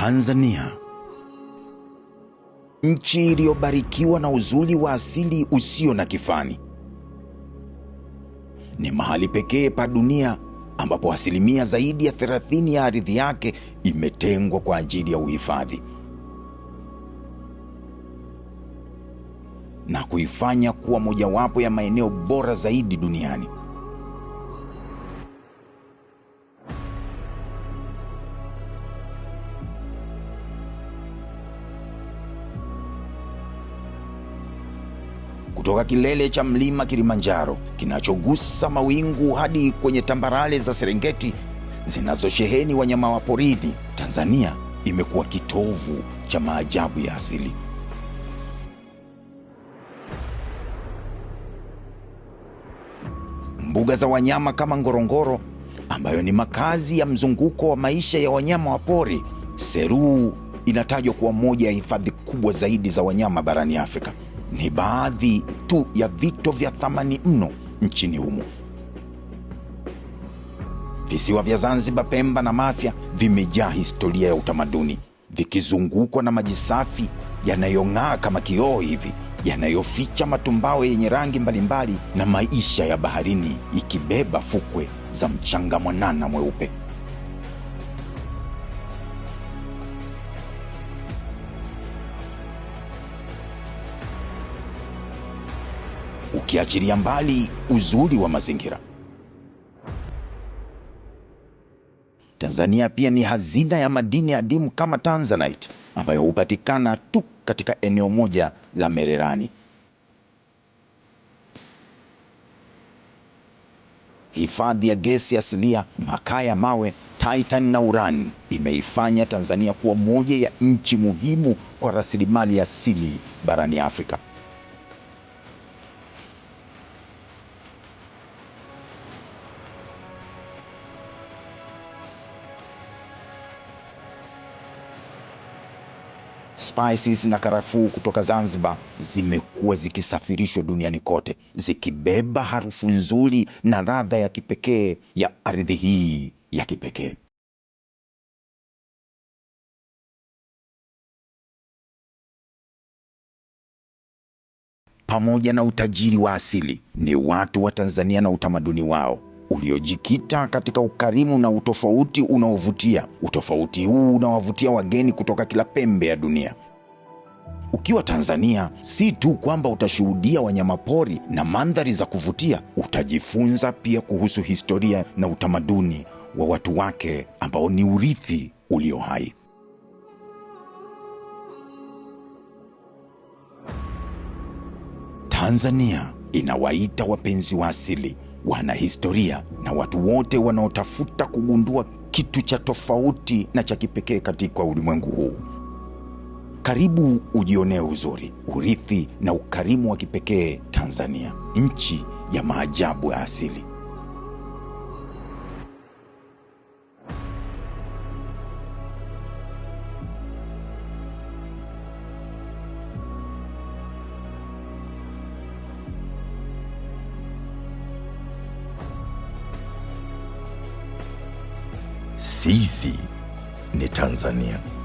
Tanzania, nchi iliyobarikiwa na uzuri wa asili usio na kifani. Ni mahali pekee pa dunia ambapo asilimia zaidi ya 30 ya ardhi yake imetengwa kwa ajili ya uhifadhi na kuifanya kuwa mojawapo ya maeneo bora zaidi duniani. kutoka kilele cha mlima Kilimanjaro kinachogusa mawingu hadi kwenye tambarale za Serengeti zinazosheheni wanyama wa porini, Tanzania imekuwa kitovu cha maajabu ya asili. Mbuga za wanyama kama Ngorongoro ambayo ni makazi ya mzunguko wa maisha ya wanyama wa pori, Seruu inatajwa kuwa moja ya hifadhi kubwa zaidi za wanyama barani Afrika ni baadhi tu ya vito vya thamani mno nchini humo. Visiwa vya Zanzibar, Pemba na Mafia vimejaa historia ya utamaduni, vikizungukwa na maji safi yanayong'aa kama kioo hivi yanayoficha matumbawe yenye rangi mbalimbali na maisha ya baharini, ikibeba fukwe za mchanga mwanana mweupe. ukiachilia mbali uzuri wa mazingira. Tanzania pia ni hazina ya madini adimu kama Tanzanite ambayo hupatikana tu katika eneo moja la Mererani. Hifadhi ya gesi asilia, makaa ya mawe, Titan na urani imeifanya Tanzania kuwa moja ya nchi muhimu kwa rasilimali asili barani Afrika. spices na karafuu kutoka Zanzibar zimekuwa zikisafirishwa duniani kote zikibeba harufu nzuri na ladha ya kipekee ya ardhi hii ya kipekee. Pamoja na utajiri wa asili, ni watu wa Tanzania na utamaduni wao uliojikita katika ukarimu na utofauti unaovutia. Utofauti huu unawavutia wageni kutoka kila pembe ya dunia. Ukiwa Tanzania, si tu kwamba utashuhudia wanyamapori na mandhari za kuvutia, utajifunza pia kuhusu historia na utamaduni wa watu wake ambao ni urithi ulio hai. Tanzania inawaita wapenzi wa asili wana historia na watu wote wanaotafuta kugundua kitu cha tofauti na cha kipekee katika ulimwengu huu. Karibu ujionee uzuri, urithi na ukarimu wa kipekee Tanzania, nchi ya maajabu ya asili. sisi ni Tanzania.